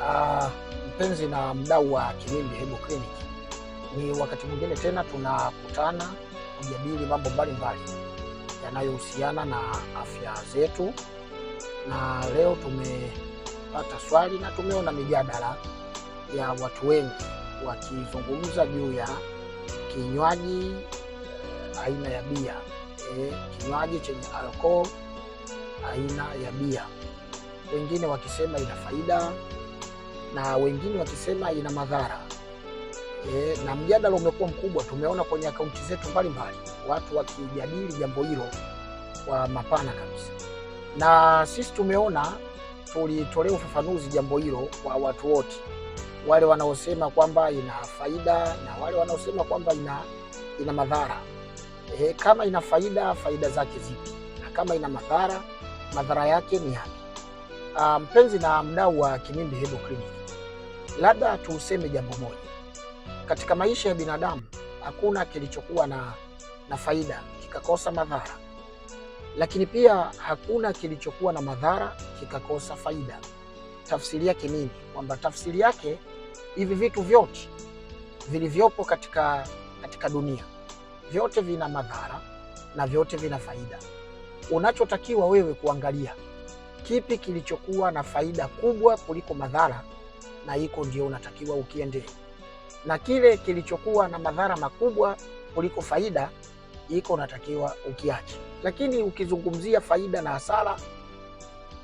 Uh, mpenzi na mdau wa Kimimbi Herbal Clinic, ni wakati mwingine tena tunakutana kujadili mambo mbalimbali yanayohusiana na afya zetu, na leo tumepata swali na tumeona mijadala ya watu wengi wakizungumza juu ya kinywaji eh, aina ya bia eh, kinywaji chenye alkohol aina ya bia, wengine wakisema ina faida na wengine wakisema ina madhara e, na mjadala umekuwa mkubwa. Tumeona kwenye akaunti zetu mbalimbali watu wakijadili jambo hilo kwa mapana kabisa, na sisi tumeona tulitolea ufafanuzi jambo hilo kwa watu wote, wale wanaosema kwamba ina faida na wale wanaosema kwamba ina, ina madhara e, kama ina faida, faida zake zipi, na kama ina madhara, madhara yake ni yapi? Ah, mpenzi um, na mdau wa Kimimbi Herbal Clinic Labda tuuseme jambo moja, katika maisha ya binadamu hakuna kilichokuwa na, na faida kikakosa madhara, lakini pia hakuna kilichokuwa na madhara kikakosa faida. Tafsiri yake nini? Kwamba tafsiri yake hivi vitu vyote vilivyopo katika, katika dunia vyote vina madhara na vyote vina faida. Unachotakiwa wewe kuangalia kipi kilichokuwa na faida kubwa kuliko madhara na iko ndio unatakiwa ukiende, na kile kilichokuwa na madhara makubwa kuliko faida iko unatakiwa ukiache. Lakini ukizungumzia faida na hasara,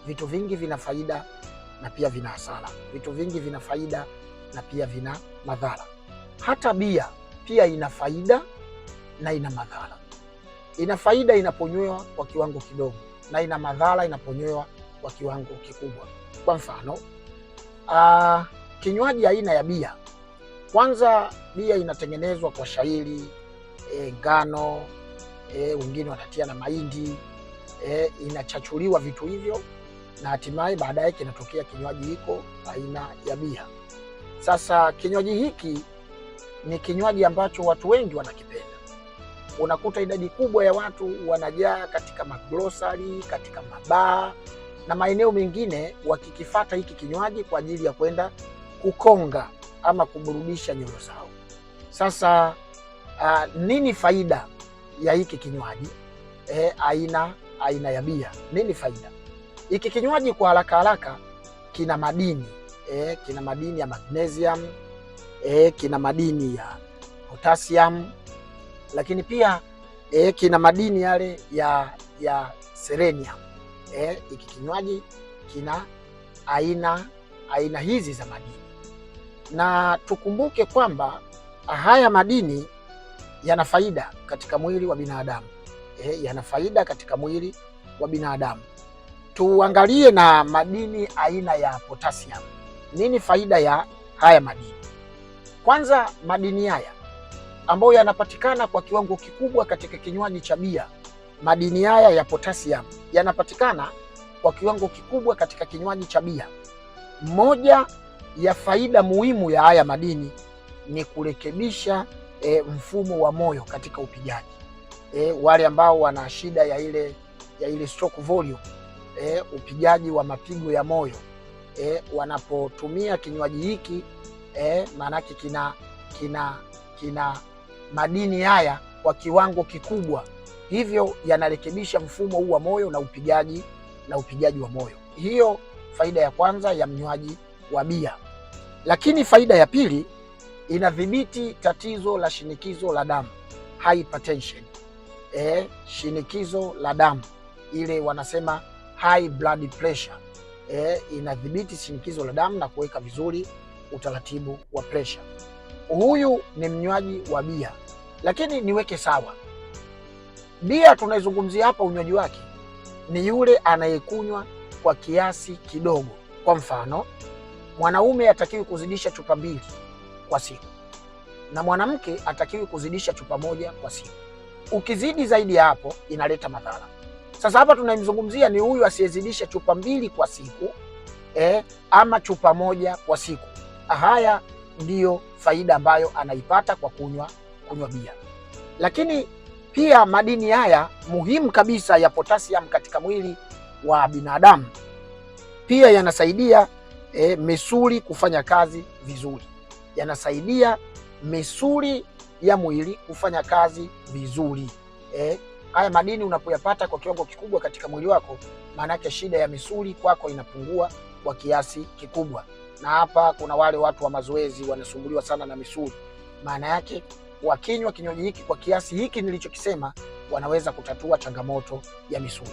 vitu vingi vina faida na pia vina hasara, vitu vingi vina faida na pia vina madhara. Hata bia pia ina faida na ina madhara. Ina faida inaponywewa kwa kiwango kidogo, na ina madhara inaponywewa kwa kiwango kikubwa. Kwa mfano Uh, kinywaji aina ya bia, kwanza bia inatengenezwa kwa shayiri, e, eh, ngano e, wengine wanatia na mahindi e, inachachuliwa vitu hivyo na hatimaye baadaye kinatokea kinywaji hiko aina ya bia. Sasa kinywaji hiki ni kinywaji ambacho watu wengi wanakipenda. Unakuta idadi kubwa ya watu wanajaa katika magrosari, katika mabaa na maeneo mengine wakikifata hiki kinywaji kwa ajili ya kwenda kukonga ama kuburudisha nyoyo zao. Sasa a, nini faida ya hiki kinywaji e, aina aina ya bia? Nini faida hiki kinywaji? Kwa haraka haraka, kina madini e, kina madini ya magnesium e, kina madini ya potassium, lakini pia e, kina madini yale ya ya selenium eh, iki kinywaji kina aina aina hizi za madini, na tukumbuke kwamba haya madini yana faida katika mwili wa binadamu eh, yana faida katika mwili wa binadamu. Tuangalie na madini aina ya potassium. Nini faida ya haya madini? Kwanza, madini haya ambayo yanapatikana kwa kiwango kikubwa katika kinywaji cha bia Madini haya ya potassium yanapatikana kwa kiwango kikubwa katika kinywaji cha bia. Moja ya faida muhimu ya haya madini ni kurekebisha e, mfumo wa moyo katika upigaji. E, wale ambao wana shida ya ile, ya ile stroke volume e, upigaji wa mapigo ya moyo e, wanapotumia kinywaji hiki e, maanake kina, kina, kina madini haya kwa kiwango kikubwa hivyo yanarekebisha mfumo huu wa moyo na upigaji na upigaji wa moyo. Hiyo faida ya kwanza ya mnywaji wa bia. Lakini faida ya pili, inadhibiti tatizo la shinikizo la damu hypertension. Eh, shinikizo la damu ile wanasema high blood pressure. Eh, inadhibiti shinikizo la damu na kuweka vizuri utaratibu wa pressure. Huyu ni mnywaji wa bia, lakini niweke sawa Bia tunaizungumzia hapa, unywaji wake ni yule anayekunywa kwa kiasi kidogo. Kwa mfano, mwanaume atakiwi kuzidisha chupa mbili kwa siku na mwanamke atakiwi kuzidisha chupa moja kwa siku. Ukizidi zaidi ya hapo inaleta madhara. Sasa hapa tunamzungumzia ni huyu asiyezidisha chupa mbili kwa siku eh, ama chupa moja kwa siku. Haya ndiyo faida ambayo anaipata kwa kunywa kunywa bia, lakini pia madini haya muhimu kabisa ya potassium katika mwili wa binadamu pia yanasaidia e, misuli kufanya kazi vizuri, yanasaidia misuli ya mwili kufanya kazi vizuri e. Haya madini unapoyapata kwa kiwango kikubwa katika mwili wako, maana yake shida ya misuli kwako inapungua kwa kiasi kikubwa. Na hapa kuna wale watu wa mazoezi wanasumbuliwa sana na misuli, maana yake wakinywa kinywaji hiki kwa kiasi hiki nilichokisema, wanaweza kutatua changamoto ya misuli.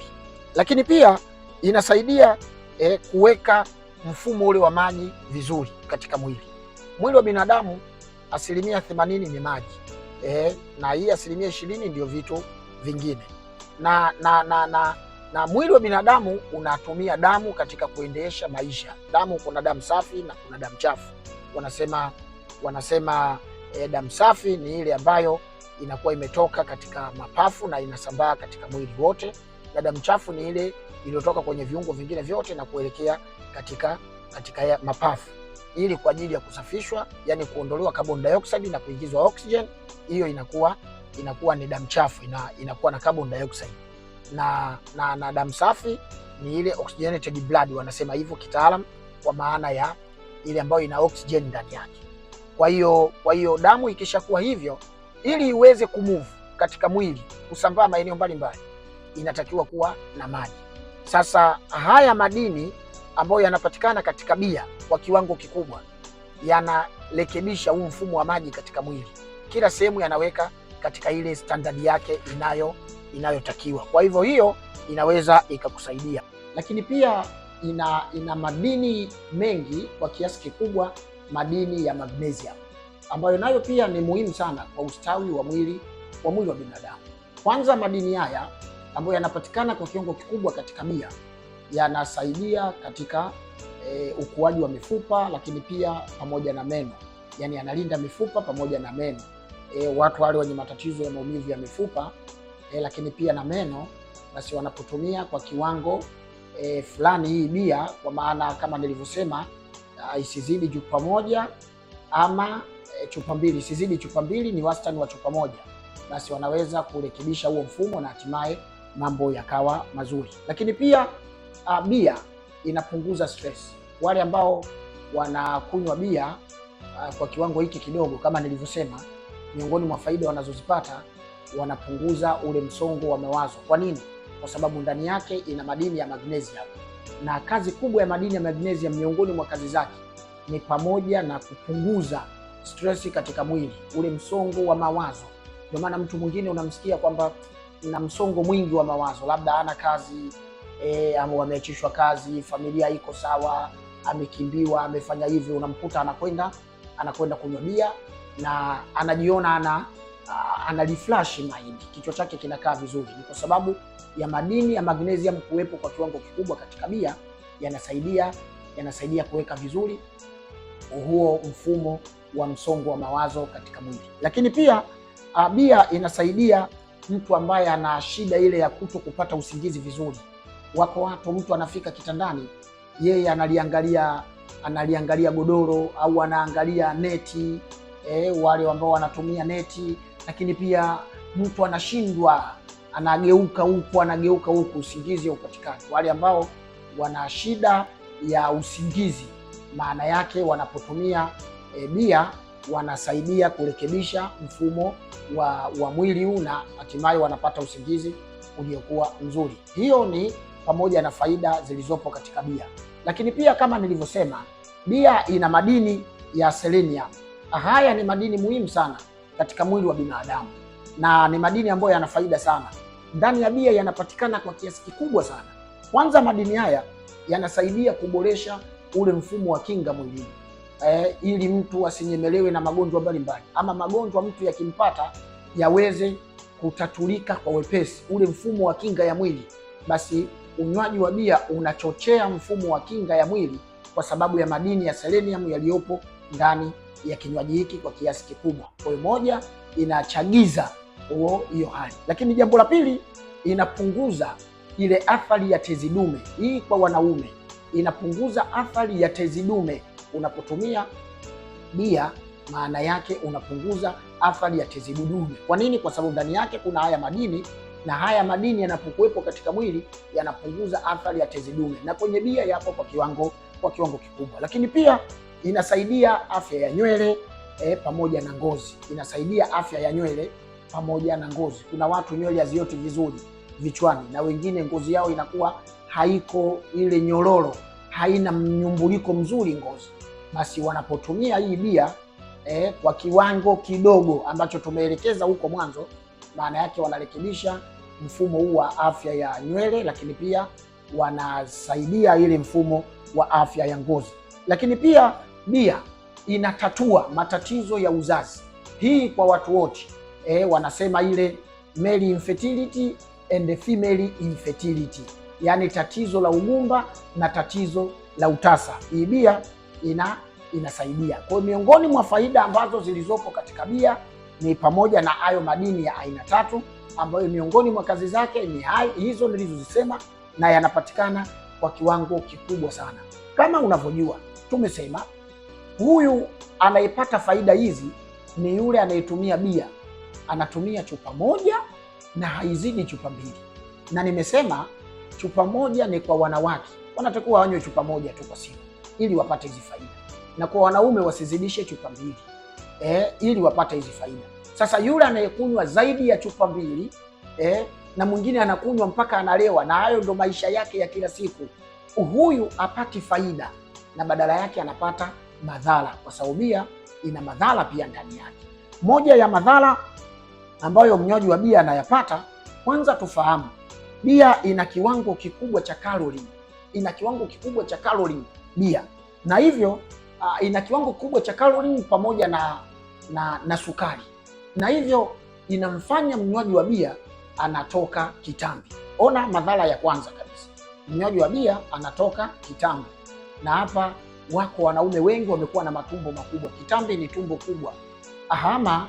Lakini pia inasaidia eh, kuweka mfumo ule wa maji vizuri katika mwili. Mwili wa binadamu asilimia 80 ni maji eh, na hii asilimia 20 ndio vitu vingine na, na, na, na, na mwili wa binadamu unatumia damu katika kuendesha maisha. Damu, kuna damu safi na kuna damu chafu, wanasema wanasema e, damu safi ni ile ambayo inakuwa imetoka katika mapafu na inasambaa katika mwili wote, na damu chafu ni ile iliyotoka kwenye viungo vingine vyote na kuelekea katika, katika mapafu ili kwa ajili ya kusafishwa, yani kuondolewa carbon dioxide na kuingizwa oxygen. Hiyo inakuwa inakuwa ni damu chafu ina, inakuwa na carbon dioxide na, na, na damu safi ni ile oxygenated blood wanasema hivyo kitaalam, kwa maana ya ile ambayo ina oxygen ndani yake. Kwa hiyo kwa hiyo damu ikishakuwa hivyo, ili iweze kumove katika mwili kusambaa maeneo mbalimbali, inatakiwa kuwa na maji. Sasa haya madini ambayo yanapatikana katika bia kwa kiwango kikubwa yanarekebisha huu mfumo wa maji katika mwili. Kila sehemu yanaweka katika ile standard yake inayo inayotakiwa. Kwa hivyo hiyo inaweza ikakusaidia, lakini pia ina, ina madini mengi kwa kiasi kikubwa madini ya magnesium ambayo nayo pia ni muhimu sana kwa ustawi wa mwili wa mwili wa binadamu. Kwanza, madini haya ambayo yanapatikana kwa kiwango kikubwa katika bia yanasaidia katika e, ukuaji wa mifupa lakini pia pamoja na meno, yani yanalinda mifupa pamoja na meno. E, watu wale wenye matatizo ya maumivu ya mifupa e, lakini pia na meno, basi wanapotumia kwa kiwango e, fulani hii bia, kwa maana kama nilivyosema Ah, isizidi chupa moja ama e, chupa mbili isizidi chupa mbili, ni wastani wa chupa moja, basi wanaweza kurekebisha huo mfumo na hatimaye mambo yakawa mazuri. Lakini pia a, ah, bia inapunguza stress. Wale ambao wanakunywa bia a, ah, kwa kiwango hiki kidogo, kama nilivyosema, miongoni mwa faida wanazozipata wanapunguza ule msongo wa mawazo. Kwa nini? Kwa sababu ndani yake ina madini ya magnesium na kazi kubwa ya madini ya magnesium miongoni mwa kazi zake ni pamoja na kupunguza stress katika mwili, ule msongo wa mawazo. Ndio maana mtu mwingine unamsikia kwamba na msongo mwingi wa mawazo, labda ana kazi e, ama ameachishwa kazi, familia iko sawa, amekimbiwa, amefanya hivyo, unamkuta anakwenda anakwenda kunywa bia na anajiona ana uh, reflash mahindi, kichwa chake kinakaa vizuri, ni kwa sababu ya madini ya magnesium kuwepo kwa kiwango kikubwa katika bia, yanasaidia yanasaidia kuweka vizuri huo mfumo wa msongo wa mawazo katika mwili. Lakini pia uh, bia inasaidia mtu ambaye ana shida ile ya kuto kupata usingizi vizuri. Wako watu mtu anafika kitandani, yeye analiangalia analiangalia godoro au anaangalia neti eh, wale ambao wanatumia neti lakini pia mtu anashindwa, anageuka huku, anageuka huku, usingizi haupatikani. Wale ambao wana shida ya usingizi, maana yake wanapotumia e, bia wanasaidia kurekebisha mfumo wa, wa mwili huu na hatimaye wanapata usingizi uliokuwa mzuri. Hiyo ni pamoja na faida zilizopo katika bia, lakini pia kama nilivyosema, bia ina madini ya selenium. Haya ni madini muhimu sana katika mwili wa binadamu, na ni madini ambayo yana faida sana. Ndani ya bia yanapatikana kwa kiasi kikubwa sana. Kwanza, madini haya yanasaidia kuboresha ule mfumo wa kinga mwilini e, ili mtu asinyemelewe na magonjwa mbalimbali, ama magonjwa mtu yakimpata yaweze kutatulika kwa wepesi. Ule mfumo wa kinga ya mwili, basi unywaji wa bia unachochea mfumo wa kinga ya mwili kwa sababu ya madini ya selenium yaliyopo ndani ya kinywaji hiki kwa kiasi kikubwa. Kwa hiyo moja, inachagiza huo hiyo hali, lakini jambo la pili, inapunguza ile athari ya tezi dume. Hii kwa wanaume inapunguza athari ya tezi dume. Unapotumia bia, maana yake unapunguza athari ya tezi dume. Kwa nini? Kwa sababu ndani yake kuna haya madini na haya madini yanapokuwepo katika mwili yanapunguza athari ya tezi dume, na kwenye bia yapo kwa kiwango kwa kiwango kikubwa, lakini pia inasaidia afya ya nywele eh, pamoja na ngozi. Inasaidia afya ya nywele pamoja na ngozi. Kuna watu nywele hazioti vizuri vichwani, na wengine ngozi yao inakuwa haiko ile nyororo, haina mnyumbuliko mzuri ngozi. Basi wanapotumia hii bia eh, kwa kiwango kidogo ambacho tumeelekeza huko mwanzo, maana yake wanarekebisha mfumo huu wa afya ya nywele, lakini pia wanasaidia ile mfumo wa afya ya ngozi, lakini pia bia inatatua matatizo ya uzazi. Hii kwa watu wote e, wanasema ile male infertility and female infertility, yaani tatizo la ugumba na tatizo la utasa. Hii bia ina inasaidia. Kwa hiyo miongoni mwa faida ambazo zilizopo katika bia ni pamoja na hayo madini ya aina tatu ambayo miongoni mwa kazi zake ni hizo nilizozisema, na yanapatikana kwa kiwango kikubwa sana. Kama unavyojua tumesema Huyu anayepata faida hizi ni yule anayetumia bia, anatumia chupa moja na haizidi chupa mbili, na nimesema chupa moja ni kwa wanawake, wanatakiwa wanywe chupa moja tu kwa siku ili wapate hizi faida, na kwa wanaume wasizidishe chupa mbili eh, ili wapate hizi faida. Sasa yule anayekunywa zaidi ya chupa mbili eh, na mwingine anakunywa mpaka analewa, na hayo ndo maisha yake ya kila siku, huyu apati faida na badala yake anapata madhara, kwa sababu bia ina madhara pia ndani yake. Moja ya madhara ambayo mnywaji wa bia anayapata, kwanza tufahamu, bia ina kiwango kikubwa cha kalori, ina kiwango kikubwa cha kalori bia, na hivyo uh, ina kiwango kikubwa cha kalori pamoja na, na, na sukari, na hivyo inamfanya mnywaji wa bia anatoka kitambi. Ona madhara ya kwanza kabisa, mnywaji wa bia anatoka kitambi, na hapa wako wanaume wengi wamekuwa na matumbo makubwa. Kitambi ni tumbo kubwa. Ahama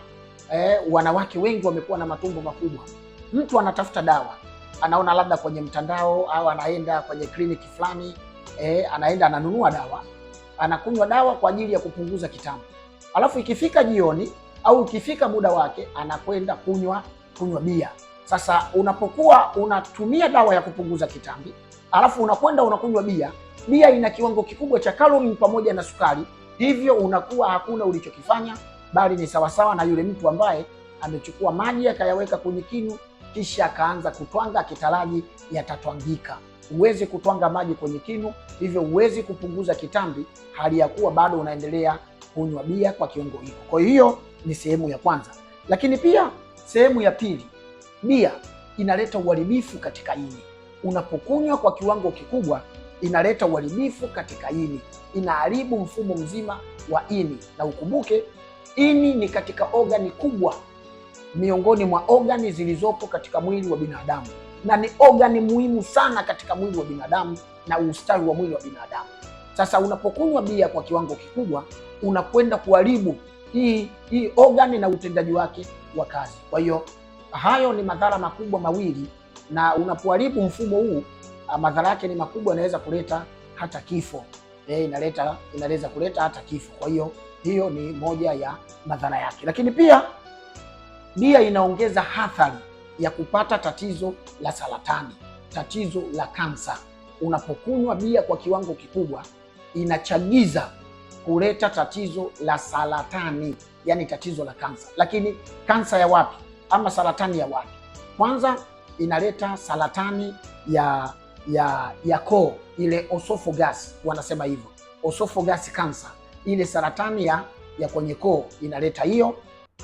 eh, wanawake wengi wamekuwa na matumbo makubwa. Mtu anatafuta dawa, anaona labda kwenye mtandao au anaenda kwenye kliniki fulani eh, anaenda ananunua dawa, anakunywa dawa kwa ajili ya kupunguza kitambi, alafu ikifika jioni au ikifika muda wake anakwenda kunywa kunywa bia. Sasa unapokuwa unatumia dawa ya kupunguza kitambi alafu unakwenda unakunywa bia. Bia ina kiwango kikubwa cha kalori pamoja na sukari, hivyo unakuwa hakuna ulichokifanya, bali ni sawasawa na yule mtu ambaye amechukua maji akayaweka kwenye kinu kisha akaanza kutwanga kitaraji yatatwangika. Huwezi kutwanga maji kwenye kinu, hivyo huwezi kupunguza kitambi hali ya kuwa bado unaendelea kunywa bia kwa kiwango hicho. Kwa hiyo ni sehemu ya kwanza, lakini pia sehemu ya pili, bia inaleta uharibifu katika ini unapokunywa kwa kiwango kikubwa, inaleta uharibifu katika ini, inaharibu mfumo mzima wa ini. Na ukumbuke ini ni katika ogani kubwa miongoni mwa ogani zilizopo katika mwili wa binadamu, na ni ogani muhimu sana katika mwili wa binadamu na ustawi wa mwili wa binadamu. Sasa unapokunywa bia kwa kiwango kikubwa, unakwenda kuharibu hii hii ogani na utendaji wake wa kazi. Kwa hiyo hayo ni madhara makubwa mawili na unapoharibu mfumo huu ah, madhara yake ni makubwa, inaweza kuleta hata kifo e, inaleta inaweza kuleta hata kifo. Kwa hiyo hiyo ni moja ya madhara yake, lakini pia bia inaongeza hatari ya kupata tatizo la saratani, tatizo la kansa. Unapokunywa bia kwa kiwango kikubwa, inachagiza kuleta tatizo la saratani, yani tatizo la kansa. Lakini kansa ya wapi ama saratani ya wapi? Kwanza inaleta saratani ya ya ya koo, ile esophagus wanasema hivyo, esophagus cancer, ile saratani ya ya kwenye koo inaleta hiyo.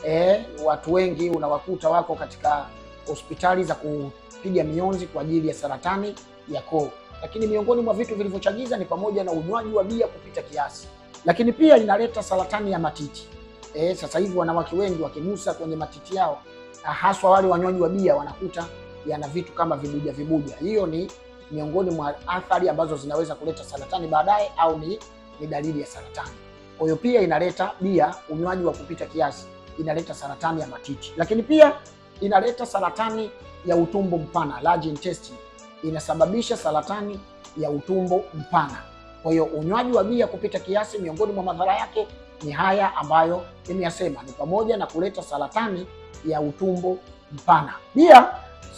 E, watu wengi unawakuta wako katika hospitali za kupiga mionzi kwa ajili ya saratani ya koo. Lakini miongoni mwa vitu vilivyochagiza ni pamoja na unywaji wa bia kupita kiasi, lakini pia inaleta saratani ya matiti. E, sasa hivi wanawake wengi wakinusa kwenye matiti yao, haswa wale wanywaji wa bia wanakuta yana vitu kama vibuja vibuja. Hiyo ni miongoni mwa athari ambazo zinaweza kuleta saratani baadaye, au ni, ni dalili ya saratani. Kwa hiyo pia inaleta bia, unywaji wa kupita kiasi inaleta saratani ya matiti, lakini pia inaleta saratani ya utumbo mpana, large intestine, inasababisha saratani ya utumbo mpana. Kwa hiyo unywaji wa bia kupita kiasi, miongoni mwa madhara yake ni haya ambayo nimeyasema, ni pamoja na kuleta saratani ya utumbo mpana. Bia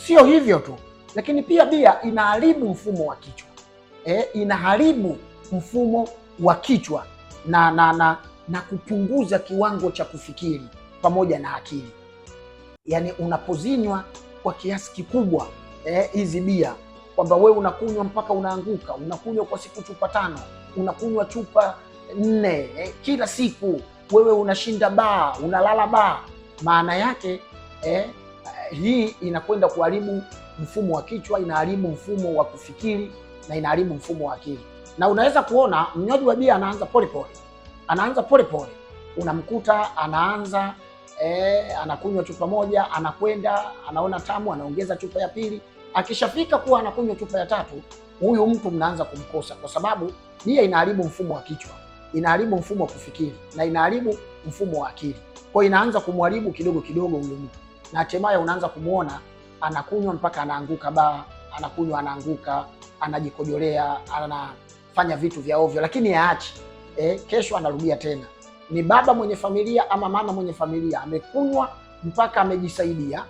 Sio hivyo tu, lakini pia bia inaharibu mfumo wa kichwa e, inaharibu mfumo wa kichwa na, na, na, na kupunguza kiwango cha kufikiri pamoja na akili. Yaani unapozinywa kwa kiasi kikubwa e, hizi e, bia kwamba wewe unakunywa mpaka unaanguka, unakunywa kwa siku chupa tano, unakunywa chupa nne e, kila siku, wewe unashinda baa, unalala baa, maana yake e, hii inakwenda kuharibu mfumo wa kichwa, inaharibu mfumo wa kufikiri na inaharibu mfumo wa akili. Na unaweza kuona mnywaji wa bia anaanza polepole, anaanza polepole, unamkuta anaanza eh, anakunywa chupa moja, anakwenda anaona tamu, anaongeza chupa ya pili, akishafika kuwa anakunywa chupa ya tatu, huyu mtu mnaanza kumkosa, kwa sababu bia inaharibu mfumo wa kichwa, inaharibu mfumo wa kufikiri na inaharibu mfumo wa akili, kwa inaanza kumharibu kidogo kidogo huyu mtu na hatimaye unaanza kumwona anakunywa mpaka anaanguka baa, anakunywa anaanguka, anajikojolea, anafanya vitu vya ovyo, lakini aache eh, kesho anarudia tena. Ni baba mwenye familia ama mama mwenye familia, amekunywa mpaka amejisaidia,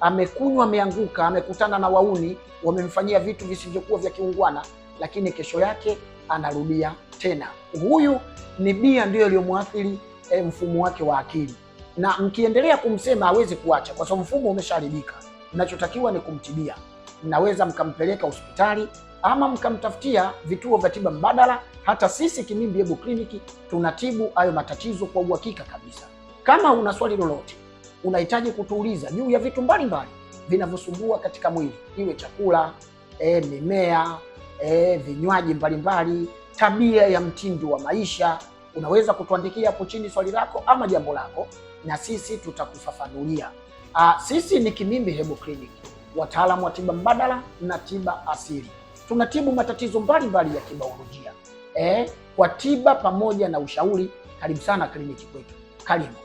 amekunywa, ameanguka, amekutana na wauni, wamemfanyia vitu visivyokuwa vya kiungwana, lakini kesho yake anarudia tena. Huyu ni bia, ndiyo iliyomwathiri eh, mfumo wake wa akili na mkiendelea kumsema hawezi kuacha, kwa sababu mfumo umeshaharibika. Mnachotakiwa ni kumtibia. Mnaweza mkampeleka hospitali ama mkamtafutia vituo vya tiba mbadala. Hata sisi Kimimbi Herbal Clinic tunatibu hayo matatizo kwa uhakika kabisa. Kama una swali lolote, unahitaji kutuuliza juu ya vitu mbalimbali vinavyosumbua katika mwili, iwe chakula e, mimea e, vinywaji mbalimbali, tabia ya mtindo wa maisha, unaweza kutuandikia hapo chini swali lako ama jambo lako na sisi tutakufafanulia. Uh, sisi ni Kimimbi Herbal Clinic, wataalamu wa tiba mbadala na tiba asili. Tunatibu matatizo mbalimbali ya kibaolojia eh, kwa tiba pamoja na ushauri. Karibu sana kliniki kwetu, karibu.